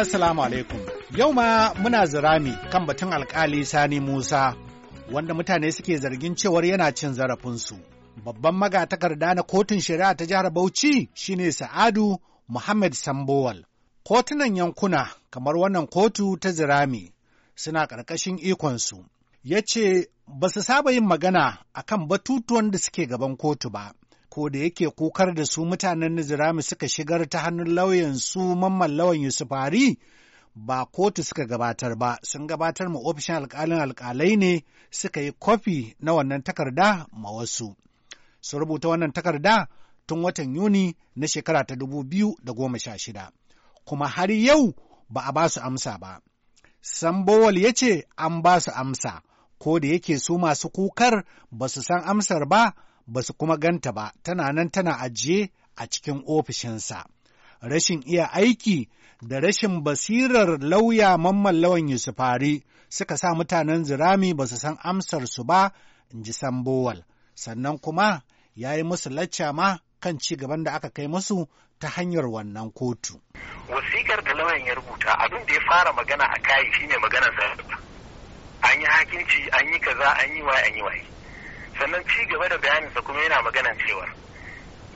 assalamu alaikum yau ma muna zirami kan batun Alƙali sani musa wanda mutane suke zargin cewar yana cin zarafinsu babban magatakarda na kotun shari'a ta jihar bauchi shine sa'adu muhammad sambowal kotunan yankuna kamar wannan kotu ta zirami suna ƙarƙashin ikonsu ya ce ba su saba yin magana a kan batutuwan da suke gaban kotu ba ko da yake kokar da su mutanen Nizirami suka shigar ta hannun lauyan su mamman lawan Yusuf Hari ba kotu suka gabatar ba sun gabatar ma ofishin alkalin alkalai ne suka yi kofi na wannan takarda ma wasu. Su rubuta wannan takarda tun watan Yuni na shekara ta dubu biyu da goma sha shida, kuma har yau ba a ba su amsa ba. Sambowal ya ce an ba su amsa, ko da yake su masu kukar ba su san amsar ba, ba su kuma ganta ba tana nan tana ajiye a cikin ofishinsa. Rashin iya aiki da rashin basirar lauya mamman lawan Yusufari suka sa mutanen zirami ba su san amsarsu ba, in ji Sambowal. Sannan kuma ya yi musu lacca ma kan ci gaban da aka kai musu ta hanyar wannan kotu. Wasikar da lauyan ya rubuta abin da ya fara magana a kayi shine maganar sa. An yi hakinci, an yi kaza, an yi waye, an yi waye. sannan ci gaba da bayaninsa kuma yana maganan cewar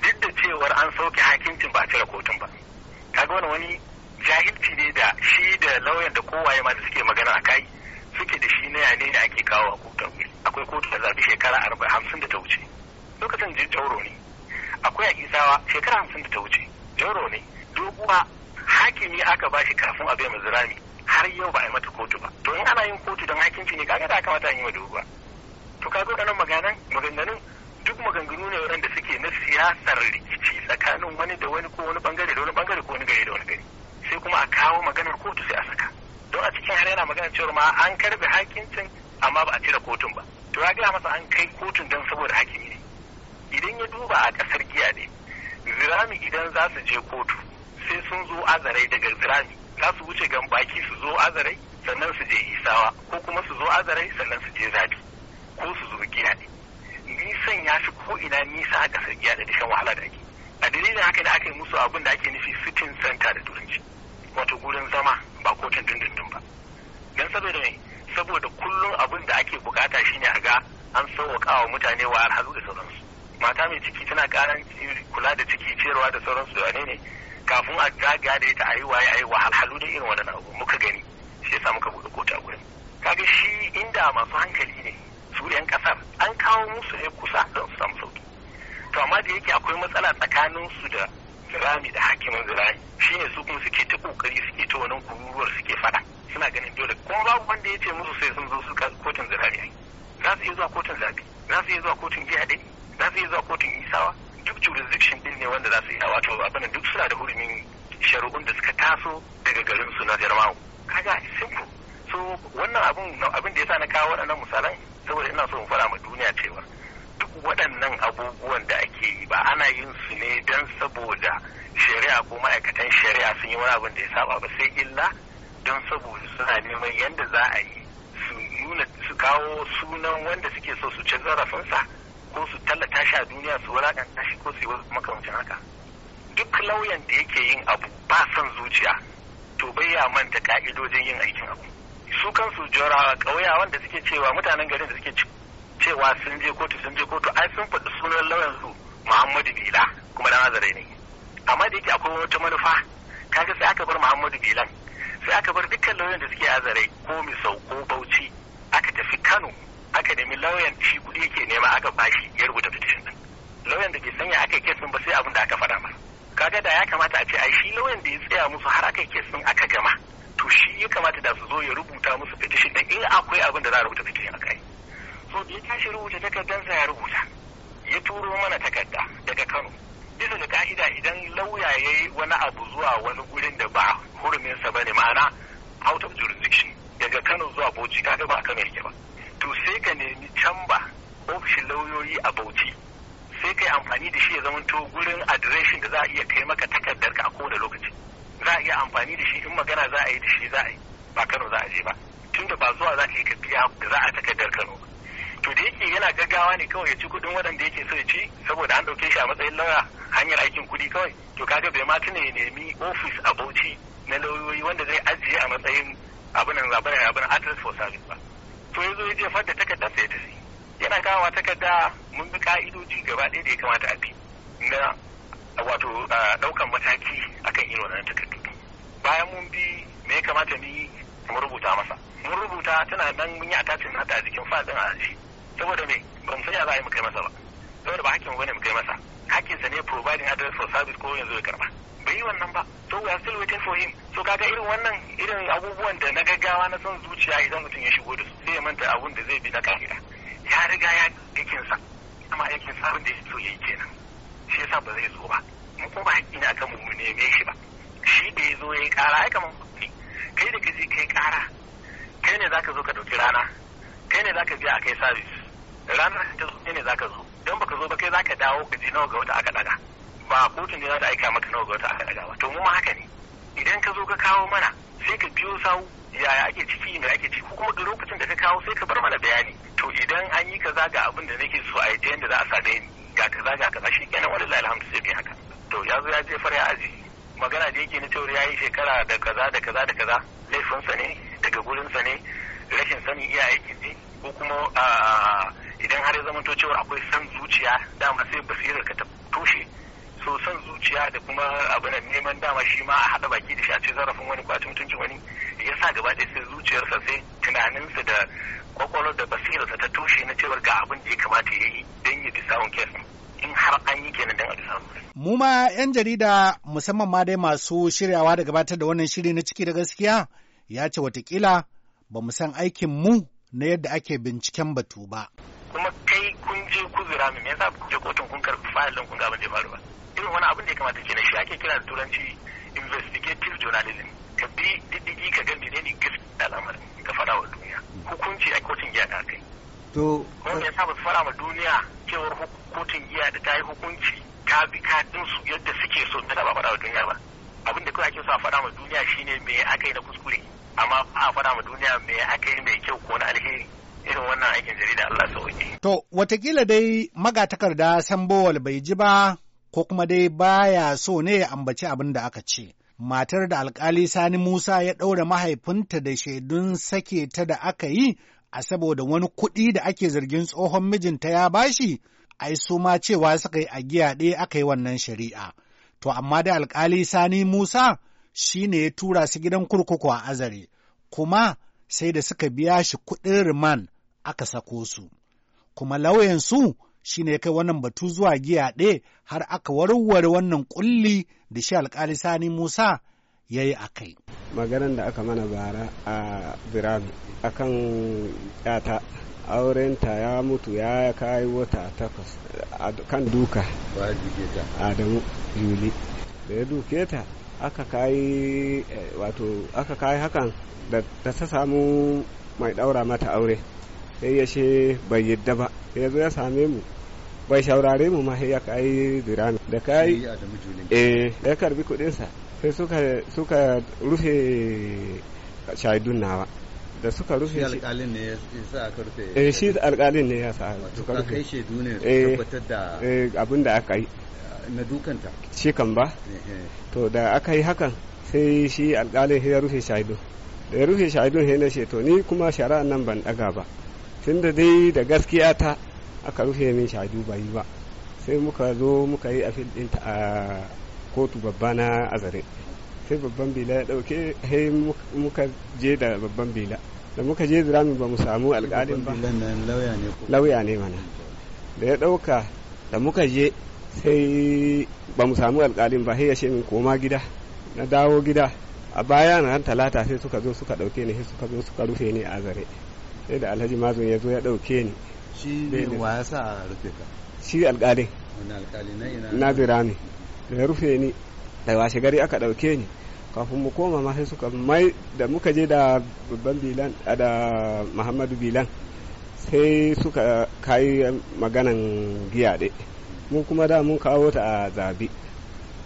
duk da cewar an sauke hakincin ba a cire kotun ba kaga wani wani jahilci ne da shi da lauyan da kowaye ma da suke magana a kai suke da shi na yane ne ake kawo a kotun akwai kotu da zaɓi shekara arba'in hamsin da ta wuce lokacin je jauro ne akwai a isawa shekara hamsin da ta wuce jauro ne doguwa hakimi aka ba shi kafin a bai mazirami har yau ba a yi mata kotu ba to in ana yin kotu don hakimci ne kaga da aka mata yi wa doguwa to ka da nan maganan maganganun duk maganganu ne waɗanda suke na siyasar rikici tsakanin wani da wani ko wani bangare da wani bangare ko wani gari da wani gari sai kuma a kawo maganar kotu sai a saka don a cikin har yana magana cewa ma an karbe hakincin amma ba a cire kotun ba to ya gaya masa an kai kotun don saboda hakimi ne idan ya duba a kasar giya ne zirami idan za su je kotu sai sun zo azarai daga zirami za su wuce gan baki su zo azarai sannan su je isawa ko kuma su zo azarai sannan su je zabi ko su zo giya ne nisan ya fi ko ina nisa a kasar giya da shan wahala da ake a dalilin haka ne aka yi musu abin da ake nufi sitting center da turanci wato gurin zama ba kotun dindindin ba don saboda mai saboda kullum abin da ake bukata shine a ga an sauwaƙa wa mutane wa halu da sauransu mata mai ciki tana karan kula da ciki ciyarwa da sauransu da wane ne kafin a zagaya da ita a yi waye a yi wahalhalu da irin wani abu muka gani shi yasa muka buɗe kota gurin kaga shi inda masu hankali turiyan kasar an kawo musu ne kusa don su samu sauki to amma da yake akwai matsala tsakanin su da zirami da hakimin zirami shine su kuma suke ta kokari suke ta wannan kururuwar suke fada suna ganin dole kuma babu wanda ya ce musu sai sun zo su kotun zirami za su iya zuwa kotun zabi za su iya zuwa kotun jiya ɗin za su iya zuwa kotun isawa duk jurisdiction din ne wanda za su iya wato abin duk suna da hurumin shari'un da suka taso daga garin su na jarmawo kaga simple so wannan abin abin da yasa na kawo waɗannan misalan saboda ina so in fara ma duniya cewa duk waɗannan abubuwan da ake yi ba ana yin su ne don saboda shari'a ko ma'aikatan shari'a sun yi wani abin da ya saba ba sai illa don saboda suna neman yadda za a yi su nuna su kawo sunan wanda suke so su ci zarafinsa ko su tallata shi a duniya su wulaƙanta shi ko su yi makamancin haka duk lauyan da yake yin abu ba son zuciya to bai ya manta ka'idojin yin aikin abu su kansu jora ƙauya wanda suke cewa mutanen garin da suke cewa sun je kotu sun je kotu ai sun faɗi sunan lauyan su Muhammadu Bila kuma da azare ne amma da yake akwai wata manufa kaga sai aka bar Muhammadu Bilan sai aka bar dukkan lauyan da suke azare ko Misau ko Bauchi aka tafi Kano aka nemi lauyan shi kudi yake nema aka bashi ya rubuta petition din lauyan da ke sanya aka kesin ba sai abin da aka faɗa ba kaga da ya kamata a ce ai shi lauyan da ya tsaya musu har aka kesin kamata da su zo ya rubuta musu petition din in akwai abin da za a rubuta petition kai so da ya tashi rubuta takardansa ya rubuta ya turo mana takarda daga Kano bisa da ka'ida idan lauya ya yi wani abu zuwa wani gurin da ba huruminsa ba ne ma'ana out of jurisdiction daga Kano zuwa Bauchi kaga ba Kano yake ba to sai ka nemi camba ofishin lauyoyi a Bauchi sai ka yi amfani da shi ya zamanto gurin adireshin da za a iya kai maka takardarka ka a kowane lokaci za a iya amfani da shi in magana za a yi da shi za a yi ba Kano za a je ba tunda ba zuwa za ka yi ka biya za a takardar Kano ba to da yake yana gaggawa ne kawai ya ci kudin waɗanda yake so ya ci saboda an ɗauke shi a matsayin lauya hanyar aikin kuɗi kawai to kaga bai ma tuna ya nemi ofis a Bauchi na lauyoyi wanda zai ajiye a matsayin abin nan zaɓar abin address for service ba to ya zo ya jefar da takardar sai da yana kawowa takarda mun bi ka'idoji gaba ɗaya da ya kamata a bi na wato daukan mataki akan irin wannan takardu bayan mun bi me ya kamata ni mun rubuta masa mun rubuta tana nan mun yi attachin nata a jikin fadin a shi saboda me ban san ya za a yi mu kai masa ba saboda ba hakkin bane mu kai masa sa ne providing address for service ko yanzu ya karba bai yi wannan ba so we are still waiting for him so kaga irin wannan irin abubuwan da na gaggawa na son zuciya idan mutum ya shigo da su sai ya manta abun da zai bi na kafira ya riga ya sa amma sa abin da ya so ya yi kenan shi yasa ba zai zo ba mu kuma haƙƙi ne akan mu neme shi ba shi da ya zo ya yi ƙara ai kamar kai da je kai ƙara kai ne zaka zo ka ɗauki rana kai ne zaka biya a kai sabis ranar ta zo kai ne zaka zo don baka zo ba kai zaka dawo ka ji nawa ga wata aka daga ba kotun ne za ta aika maka nawa ga wata aka daga ba to mu ma haka ne idan ka zo ka kawo mana sai ka biyo sawu yaya ake ciki me ake ciki ko kuma lokacin da ka kawo sai ka bar mana bayani to idan an yi kaza ga abin da nake so a yi ta za a sa dai ga kaza ga kaza shi kenan wani alhamdu sai bin haka to ya zo ya je fara aji magana da yake na cewar ya yi shekara da kaza da kaza da kaza laifinsa ne daga gurinsa ne rashin sanin iyaye ne ko kuma ah, idan har ya zama to cewa akwai san zuciya dama sai basirar ka ta toshe so son zuciya da kuma abin neman dama shi ma a haɗa baki da shi a ce zarafin wani kwacin mutuncin wani ya sa gaba ɗaya sai zuciyarsa sai tunaninsa da kwakwalwar da basirarsa ta tushe na cewar ga abin da ya kamata ya yi don ya bi sawun kes in har an yi kenan don a bi mu ma 'yan jarida musamman ma dai masu shiryawa da gabatar da wannan shiri na ciki da gaskiya ya ce watakila ba mu san aikin mu na yadda ake binciken batu ba. kuma kai kun je kuzura me yasa ku je kotun kun karɓi fayil kun ga abin da ya faru ba. irin wani abin da ya kamata kenan shi ake kira da turanci investigative journalism ka bi diddigi ka ga menene gaskiya al'amarin ka faɗa wa duniya hukunci a kotun giya da yi to kuma ya saba fara ma duniya cewar kotun giya da ta yi hukunci ta bi kadin su yadda suke so tana ba fara wa duniya ba abin da kawai ake so a faɗa ma duniya shine me aka yi na kuskure amma a fara ma duniya me aka yi mai kyau ko na alheri irin wannan aikin jarida Allah sauke. To watakila dai magatakarda Sambowal bai ji ba ko kuma dai baya so ne ya ambaci abin da aka ce. Matar da alkali Sani Musa ya ɗaura mahaifinta da shaidun sake ta da aka yi a saboda wani kuɗi da ake zargin tsohon mijinta ya bashi, ai su ma cewa suka yi a giya ɗaya aka yi wannan shari'a. To amma dai alkali Sani Musa shi ne ya tura su gidan kurkuku a azare, kuma sai da suka biya shi kuɗin riman aka sako su. Kuma lauyansu shi ne ya kai wannan batu zuwa giya ɗe har aka warware wannan kulli da shi alƙali sani musa ya yi a kai maganar da aka mana bara a a akan yata aurenta ya mutu ya kai wata takwas a kan duka adamu juli da ya duke ta aka kai eh, aka kai hakan da ta samu mai ɗaura mata aure sai ya she bai yadda ba ya zo ya same mu bai shaurare mu ma ya kai dirami da kai eh ya karbi kudinsa sai suka suka rufe shaidun nawa da suka rufe shi alƙalin ne ya sa aka rufe eh shi alƙalin ne ya sa suka rufe kai shaidu ne eh, tabbatar da eh abin da aka yi eh, na dukanta shi kan ba eh, to da aka yi hakan sai shi alƙalin ya rufe shaidun. da ya rufe shaidun ya na to ni kuma shari'a nan ban daga ba tunda dai da gaskiya ta aka rufe min shaidu bai ba sai muka zo muka yi din ta a kotu babba na azare sai babban bila ya dauke sai muka je da babban bila da muka je zirami ba mu samu alƙalin ba lauya ne mana da ya dauka da muka je sai ba mu samu alƙalin ba sai ya min koma gida na dawo gida a baya na talata sai suka zo suka dauke ni sai suka zo suka rufe ni a zare sai da alhaji mazun ya zo ya ɗauke ni shi ne wa ya sa a rufe ka shi alƙalin na ina na zira ne da ya rufe ni da washe gari aka ɗauke ni kafin mu koma ma sai suka mai da muka je da babban bilan da muhammadu bilan sai suka kayi maganan giya ɗe mu kuma da mun kawo ta a zabi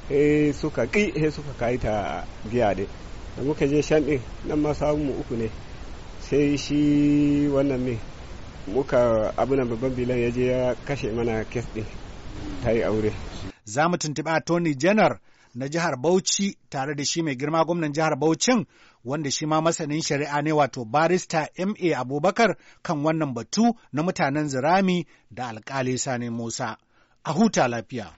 sai suka ƙi sai suka kayi ta giya ɗe da muka je shan ɗin nan ma samu uku ne sai shi wannan me muka abunan babban bilan ya je ya kashe mana kes ɗin ta yi aure za mu tuntuɓa Tony janar na jihar Bauchi tare da shi mai girma gwamnan jihar Bauchin wanda shi ma masanin shari'a ne wato barista MA Abubakar kan wannan batu na mutanen zirami da alkali Sani Musa. A huta lafiya.